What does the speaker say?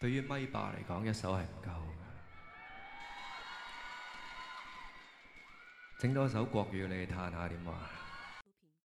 對於咪霸嚟講，一首係唔夠，整多首國語你嚟嘆下點樣？